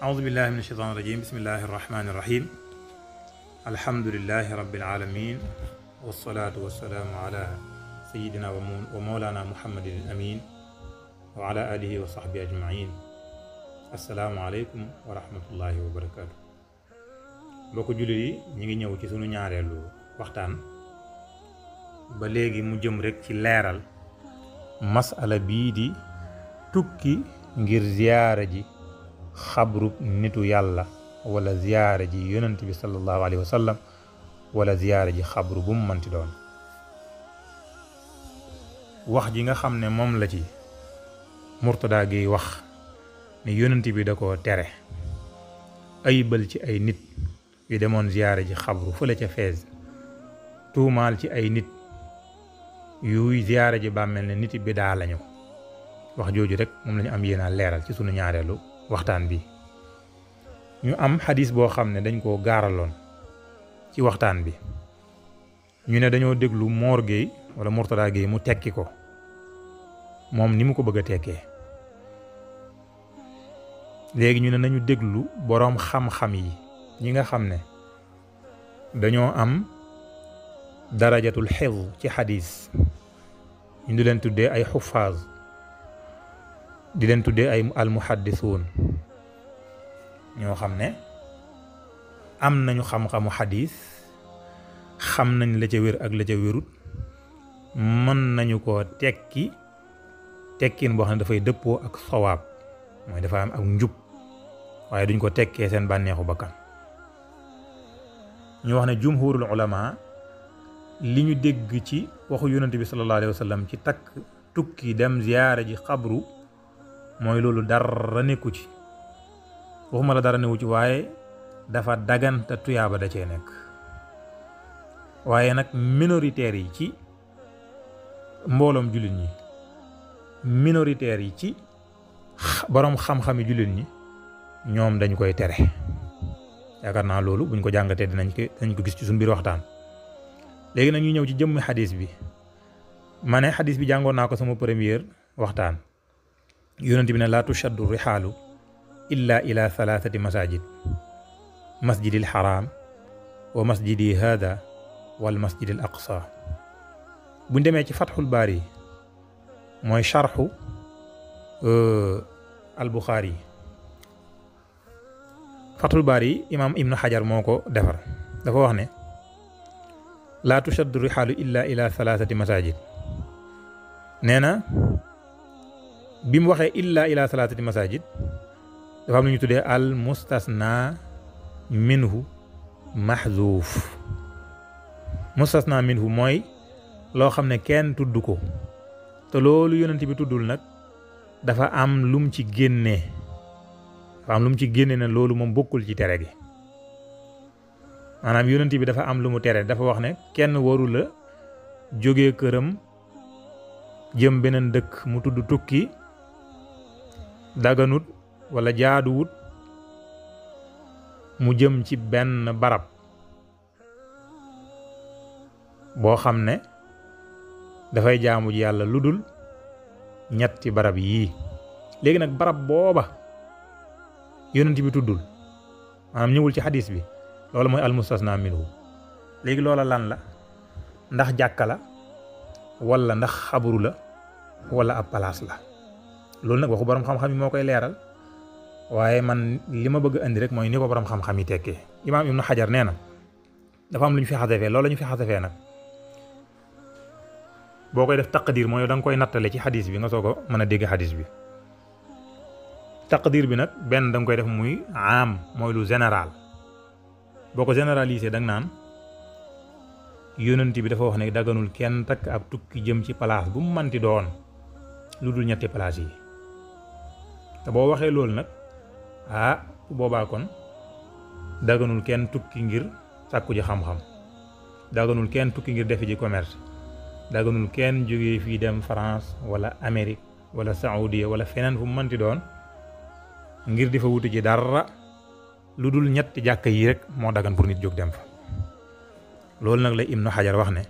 أعوذ بالله من الشيطان الرجيم بسم الله الرحمن الرحيم الحمد لله رب العالمين والصلاة والسلام على سيدنا ومولانا محمد الأمين وعلى آله وصحبه أجمعين السلام عليكم ورحمة الله وبركاته mbokk jullit yi ñu ngi ñëw ci sunu ñaareelu waxtaan ba léegi mu jëm rek ci leeral masala bii di tukki ngir ziyaara ji خبر نتو يالا ولا زيارة جي يوننتي بي صلى الله عليه وسلم ولا زيارة جي خبر بوم منتي دون واخ جيغا خامني موم لا جي مرتدا جي واخ ني يوننتي بي داكو تري اي بل اي نيت وي ديمون زيارة جي خبر فلا تي فيز تو مال تي اي نيت يوي زيارة جي بامل نيتي بدا لاني واخ جوجو رك موم لا ام يينا ليرال سي سونو نياريلو waxtaan bi ñu am xadis boo xam ne dañ koo gaaraloon ci waxtaan bi ñu ne dañoo déglu moor Gueye wala Mourtada Gueye mu tekki ko moom ni mu ko bëgg a tekkee léegi ñu ne nañu déglu boroom xam-xam yi ñi nga xam ne dañoo am darajatul xew ci xadis ñu di leen tuddee ay xufaas di leen tuddee ay almuhaddisuun ñoo xam ne am nañu xam-xamu xadis xam nañ la ca wér ak la ca wérut mën nañu ko tekki tekkin boo xam ne dafay dëppoo ak sawaab mooy dafa am ak njub waaye duñ ko tekkee seen bànneexu bakkan ñu wax ne jumhurul ulama li ñu dégg ci waxu yonent bi sallallahu alayhi ci takk tukki dem ziyaara ji xabru moy loolu dara neeku ci waxuma la dara newu ci waye dafa dagan ta tuyaaba da ci nek waye nak minoritaire yi ci mbolom nyom ñi minoritaire yi ci borom xam-xami julit ñi ñom dañ koy téré yaakaar na loolu buñ ko jangate dinañ ko dañ ko gis ci sun biir waxtaan nak ñu ñew ci jëm hadith bi mané hadith bi jàngoon sama première waxtaan يونتي من لا تشد الرحال إلا إلى ثلاثة مساجد مسجد الحرام ومسجد هذا والمسجد الأقصى بن فتح الباري موي شرح آه، البخاري فتح الباري إمام ابن حجر موكو دفر دفو لا تشد الرحال إلا إلى ثلاثة مساجد نينا bi mu waxee illa ila salaatati masajid dafa am lu ñu tuddee al mustasna minhu mahzuuf mustasna minhu mooy loo xam ne kenn tudd ko te loolu yonent bi tuddul nag dafa am lum ci génnee dafa am lum ci génne ne loolu moom bokkul ci tere gi maanaam yonent bi dafa am lu mu tere dafa wax ne kenn waru la jógee këram jëm beneen dëkk mu tudd tukki daganut wala jaaduwut mu jëm ci benn barab boo xam ne dafay jaamu ji yàlla lu ñetti barab yii léegi nag barab booba yonent bi tuddul maanaam ñëwul ci xadis bi loolu mooy almustasna minhu léegi loola lan la ndax jàkka wala ndax xabaru la wala ab palaas la loolu nag waxu borom xam-xam yi moo koy leeral waaye man li ma bëgg indi rek mooy ni ko borom xam-xam yi tekkee imaam na xajar nee na dafa am lu ñu fi xasafee loolu la ñu fi xasafee nag boo koy def taqdir mooy da nga koy nattale ci xadis bi nga soo ko mën a dégg xadis bi taqdir bi nag benn danga koy def muy am mooy lu général boo ko généralisé da nga naan yonent bi dafa wax ne daganul kenn takk ak tukki jëm ci place bu mu manti doon lu dul ñetti place yi te boo waxee loolu nag ah boobaa kon daganul kenn tukki ngir sàkku ji xam-xam daganul kenn tukki ngir defe ji commerce daganul kenn jóge fii dem France wala Amérique wala Saoudia wala feneen fu mu mënti doon ngir di fa wuti ji dara lu dul ñetti jàkka yi rek moo daggan pour nit jóg dem fa loolu nag la Ibnu Hajar wax ne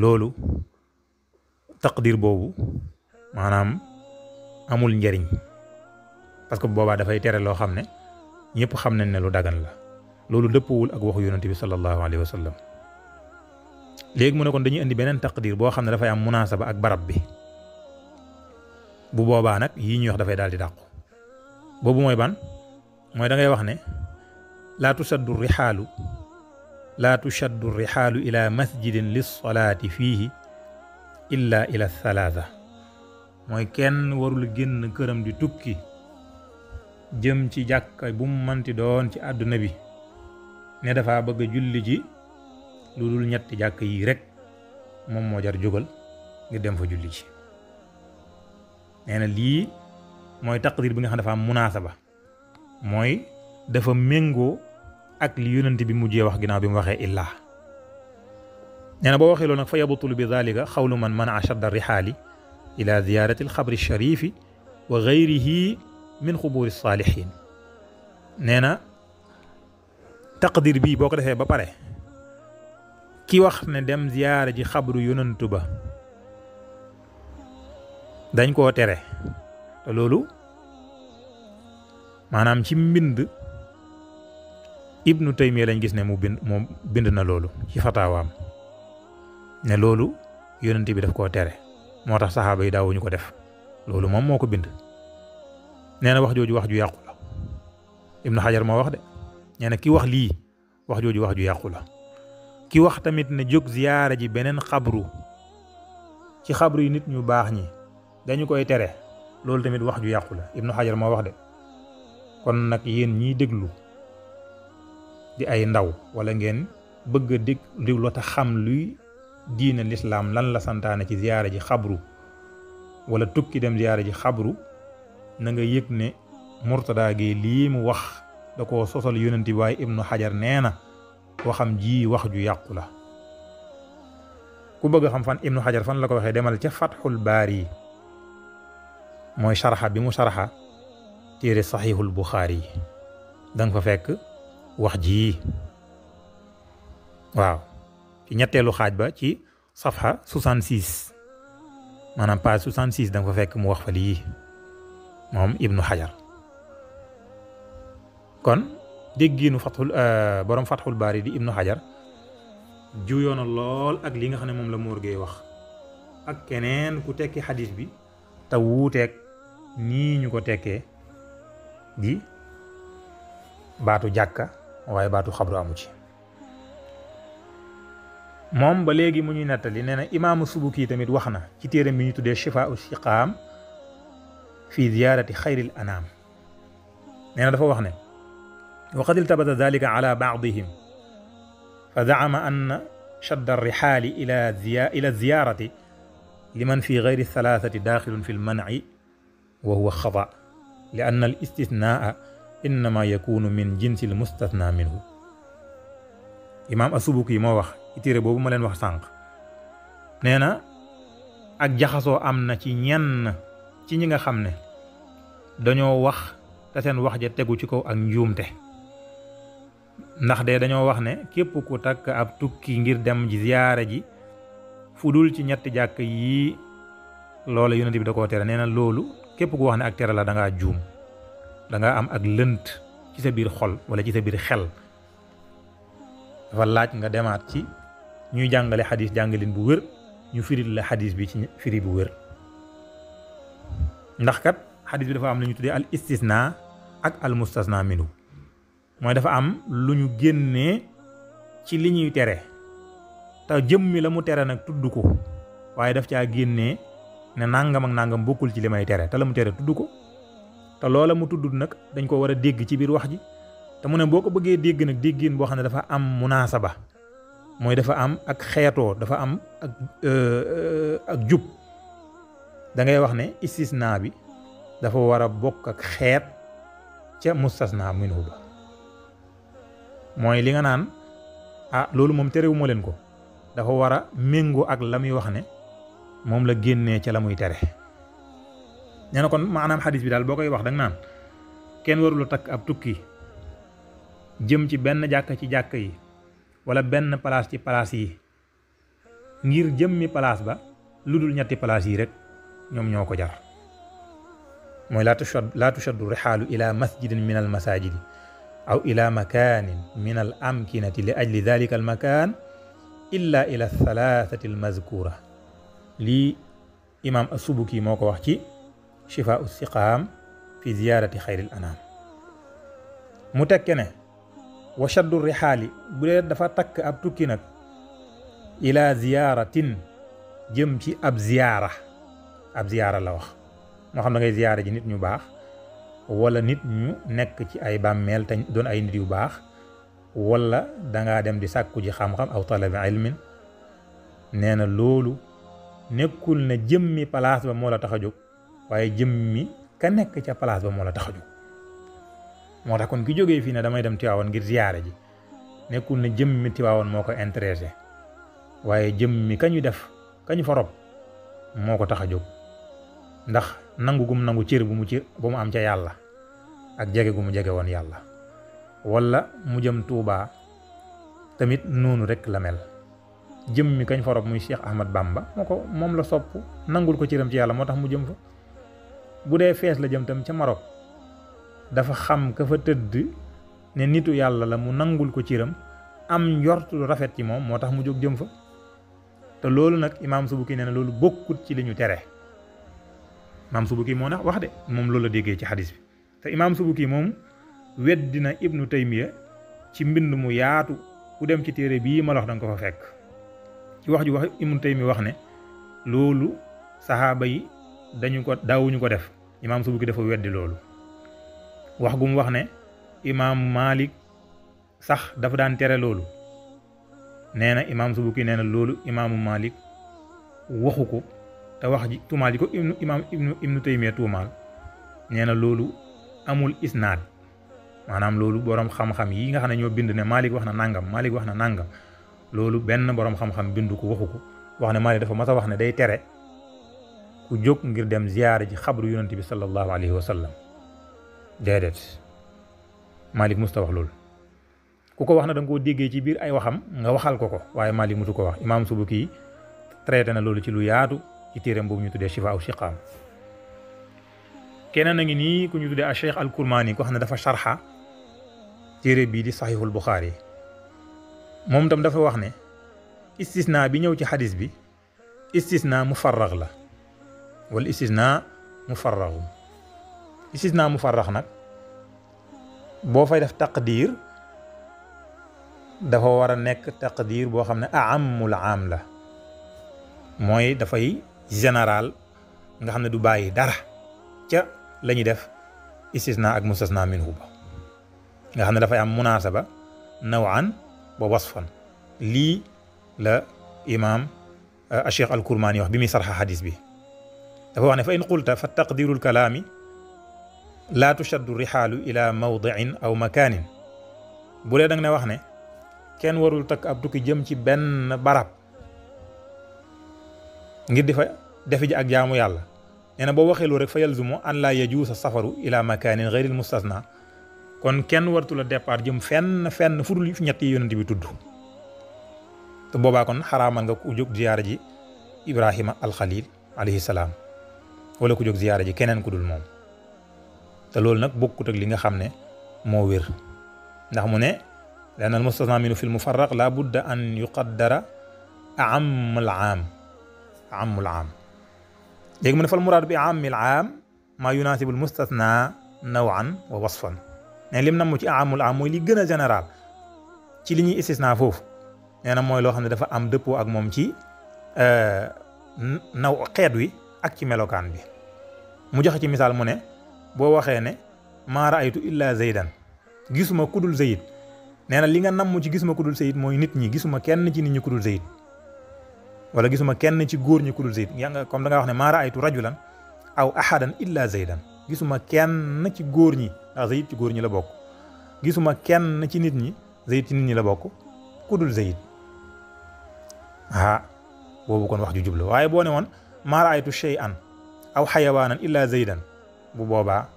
loolu taqdir boobu maanaam amul njariñ parce que boobaa dafay tere lo xamné ñëpp xam nañ ne lu dagan la lolu depp wul ak waxu yoonte bi sallallahu alayhi wa sallam léegi mu ne kon dañuy indi benen taqdir bo xamné ne dafay am munasaba ak barab bi bu boba nak yi ñuy wax dafay daal di dàqu boobu mooy ban moy da ngay wax ne la tusaddu rihalu laa tusaddu rixaalu ila masjidin lissalaati fiihi illa ila thalaatha mooy kenn warul génn këram di tukki jëm ci jakkay bu mu manti doon ci aduna bi ne dafa bëgg a julli ji lu ñett ñetti jàkk yi rek mom mo jar jógal nga dem fa julli ci neena li moy taqdir bi nga xam dafa am munaasaba dafa mengo ak li yonent bi mujjee wax ginaaw bi mu waxé illa neena bo waxé waxee nak fa yabtul bi zalika khawlu man mana shadda rihali ila ziyaarati alxabri alsharifi wa gayrihi min xubuuri saalixiin nee na taqdir bii boo ko defee ba pare ki wax ne dem ziyaara ji xabru yonantu ba dañ koo tere te loolu maanaam ci mbind ibnu taymiya lañ gis ne mu bind moom bind na loolu ci fataawaam ne loolu yonent bi daf koo tere moo tax saxaaba yi daawuñu ko def loolu moom moo ko bind nee na wax jooju wax ju yàqu la Ibnu Xajar moo wax de nee na ki wax lii wax jooju wax ju yàqu la ki wax tamit ne jóg ziyaara ji beneen xabru ci xabru yi nit ñu baax ñi dañu koy tere loolu tamit wax ju yàqu la Ibnu Xajar moo wax de kon nag yéen ñiy déglu di ay ndaw wala ngeen bëgg a dégg déglu te xam luy diina lislaam lan la santaane ci ziyaara ji xabru wala tukki dem ziyaara ji xabru na nga yëg ne murtada Gueye lii mu wax da koo sosal yonent bi ibnu xajar nee na waxam ji wax ju yàqu la ku bëgg xam fan ibnu xajar fan la ko waxee demal ca fatxul baari mooy sharxa bi mu sharxa téere saxiixul buxaari yi danga fa fekk wax ji waaw ci ñetteelu xaaj ba ci safxa 66 maanaam page 66 danga fa fekk mu wax fa lii moom ibnu xajar kon déggiinu fatxul borom fatxul baari di ibnu xajar juyoona lool ak li nga xam ne moom la Mor Gueye wax ak keneen ku tekki xadis bi te wuuteeg nii ñu ko tekkee di baatu jàkka waaye baatu xabru amu ci moom ba léegi mu ñuy nettali nee na imaamu subuki tamit wax na ci téeram bi ñu tuddee Shifaa u Siqaam في زيارة خير الأنام نحن دفع وحنا وقد التبت ذلك على بعضهم فزعم أن شد الرحال إلى, إلى الزيارة لمن في غير الثلاثة داخل في المنع وهو خطأ لأن الاستثناء إنما يكون من جنس المستثنى منه إمام أسوبك ما وخ يتيري بوب ملين وخ سانق نينا أجحصو أمنا تي ci ñi nga xam ne dañoo wax te seen wax ja tegu ci ko ak njuumte ndax de dañoo wax ne képp ku takk ab tukki ngir dem ji ziyaara ji fu dul ci ñetti jàkk yi loola yonent bi da koo tere nee na loolu képp ku wax ne ak tere la danga ngaa juum da ngaa am ak lënt ci sa biir xol wala ci sa biir xel dafa laaj nga demaat ci ñuy jàngale xadis jàngalin bu wér ñu firil la xadis bi ci firi bu wér ndax kat xadis bi dafa am lu ñu tuddee al istisna ak al mustasna minhu mooy dafa am lu ñu génnee ci li ñuy tere te jëmmi la mu tere nag tudd ko waaye daf caa génnee ne nangam ak nangam bokkul ci li may tere te la mu tere tudd ko te loola mu tudd nag dañ ko war a dégg ci biir wax ji te mu ne boo ko bëggee dégg nag déggin boo xam ne dafa am munaasaba mooy dafa am ak xeetoo dafa am ak euh, euh, ak jub da ngay wax ne istisna bi dafa war a bokk ak xeet ca mustasna minhu ba mooy li nga naan ah loolu moom terewuma leen ko dafa war a ak la muy wax ne moom la génnee ca la muy tere nee na kon maanaam xadis bi daal boo koy wax danga naan kenn warula takk ab tukki jëm ci benn jàkka ci jàkka yi wala benn place ci place yi ngir jëmmi place ba ludul ñetti place yi rek ñom ñoko jar moy la tushad la tushad rihal ila masjid min al masajid aw ila makan min al amkinati li ajli dhalika al makan illa ila thalathati al mazkura li imam asubuki moko wax ci shifa u siqaam fi ziyarati xayril anaam mu tekke wa wa al rihal bu le dafa tak ab tukki nak ila ziyaratin jëm ci ab ziyarah ab ziyaara la wax moo xam da ngay ziyaara ji nit ñu baax walla nit ñu nekk ci ay bàmmeel te doon ay nit yu baax wala dangaa dem di sàkku ji xam-xam aw talabi ilmin nee na loolu nekkul na jëmmi place ba moo la tax a jóg waaye jëmmi ka nekk ca place moo la tax a jóg moo tax kon ki jógee fii na damay dem Tiwaawan ngir ziyaara ji nekkul na jëmmi Tiwaawan moo ko intéresé waaye jëmmi kañu def kañu fa rob moo ko tax a jóg ndax nangu gum nangu cër bu mu cër bu mu am ca yàlla ak jege gu mu jege woon yàlla walla mu jëm Tuubaa tamit noonu rekk la mel jëm mi kañ forob muy Cheikh Ahmad Bamba moo ko moom la sopp nangul ko cëram ci yàlla moo tax mu jëm fa bu dee fees la jëm tam ca Marok dafa xam ka fa tëdd ne nitu yàlla la mu nangul ko cëram am njort lu rafet ci moom moo tax mu jóg jëm fa te loolu nag imaam Subuki nee na loolu bokkut ci li tere maam Subuki moo na wax de moom loolu la déggee ci xadis bi te imaam Subuki moom weddina ibnu Taymiya ci mbind mu yaatu ku dem ci téere bii ma la wax ko fa fekk ci wax ju wax ibnu Taymiya wax ne loolu saxaaba yi dañu ko daawuñu ko def imaam Subuki dafa weddi loolu wax gu wax ne imaam maalik sax dafa daan tere loolu nee na imaam Subuki nee na loolu imaamu Malik waxu ko te wax ji tuumaal ji ko ibnu imaam ibnu ibnu taymiya tuumaal nee na loolu amul isnaad maanaam loolu borom xam-xam yi nga xam ne ñoo bind ne Malik wax na nangam Malik wax na nàngam loolu benn borom xam-xam bindu ko waxu ko wax na Malik dafa mas a wax ne day tere ku jóg ngir dem ziyaare ji xabru yonent bi sallallahu alayhi wa sallam déedéet Malik musta wax loolu ku ko wax na da koo déggee ci biir ay waxam nga waxal ko ko waaye Malik musu ko wax imaam ki traité na loolu ci lu yaatu. ci téeram boobu ñu tuddee Shifa aw Shiqaam keneen a ngi nii ku ñu tuddee a Cheikh al Kurmaani ko xam ne dafa sharxa téere bii di saxiixul Buxaari moom tam dafa wax ne istisna bi ñëw ci xadis bi istisna mufarrax la wala istisna mufarraxum istisna mufarrax nag boo fay def taqdiir dafa war a nekk taqdiir boo xam ne aamul aam la mooy dafay général nga xam ne du bàyyi dara ca la ñuy def istisna ak mustasna minhu ba nga xam ne dafay am munaasaba nawaan wa wasfan lii la imaam Cheikh al Kurmaani wax bi muy sarxa xadis bi dafa wax ne fa in qulta fa taqdiru lkalaami laa tushaddu rixaalu ila mawdicin aw makaanin bu dee da nga ne wax ne kenn warul takk ab tukki jëm ci benn barab ngir difa defi ji ak jaamu yàlla nee na boo waxee loolu rek fa yalzumu an laa yajuusa safaru ila makaanin ghayril mustasna kon kenn wartu la départ jëm fenn fenn fudul ñett yi yonent bi tudd te boobaa kon xaraamal nga ku jóg ziyaara ji Ibrahima al alxalil alayhi salaam wala ku jóg ziyaara ji keneen ku dul moom te loolu nag bokkut ak li nga xam ne moo wér ndax mu ne lan al mustasna minu fi l mufarraq la budda an yuqaddara aam al aam عم العام يجب من المراد بعام العام ما يناسب المستثنى نوعا ووصفا يعني لم نمو تي عام العام موي لي غنا جنرال تي لي ني استثناء فوف نانا يعني موي لو خاندي دا فا ام ديبو اك موم تي ا آه، نو قيد وي اك تي ملوكان بي مو جوخي تي مثال مو بو واخي ما رايت الا زيدا غيسما كودول زيد نانا ليغا نامو تي غيسما كودول زيد موي نيت ني غيسما كين تي نيت زيد wala gisuma kenn ci góor ñi kudul dul Zayd yaa nga comme da nga wax ne maa raaytu rajulan aw ahadan illa Zaydan gisuma kenn ci góor ñi ndax Zayd ci góor ñi la bok gisuma kenn ci nit ñi Zayd ci nit ñi la bok kudul dul Zayd ah boobu kon wax ju jublu waye bo ne won maa raaytu shay'an aw hayawanan illa Zaydan bu boba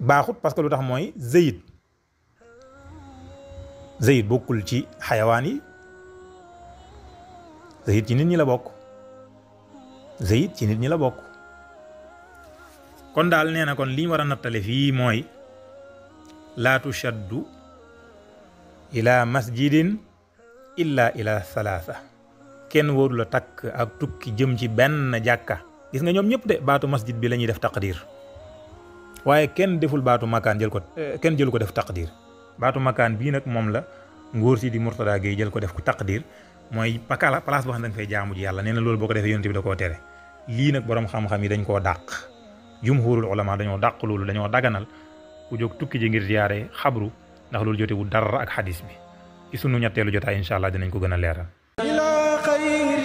baaxut parce que lutax moy mooy Zayd Zayd bokkul ci hayawani zayit ci nit ñi la bokk zayit ci nit ñi la bokk kon daal nee na kon liñ ñu war a nattale fii mooy laa tushaddu ila masjidin illa ila salaasa kenn wóoru la takk ak tukki jëm ci benn jàkka gis nga ñoom ñëpp de baatu masjid bi la def taqdir waaye kenn deful baatu makaan jël ko eh, kenn jël ko def taqdir baatu makaan bii nag moom la ngóor si di Murtada Gueye jël ko def ko taqdir mooy pakala place boo xam ne da nga fay jaamu ji yàlla nee na loolu boo ko defee yonent bi da koo tere lii nag borom xam-xam yi dañ koo dàq jumhurul ulama dañoo dàq loolu dañoo daganal ku jóg tukki ji ngir ziyaare xabru ndax loolu jote wu dara ak xadis bi ci sunu ñetteelu jotaay incha allah dinañ ko gën a leeral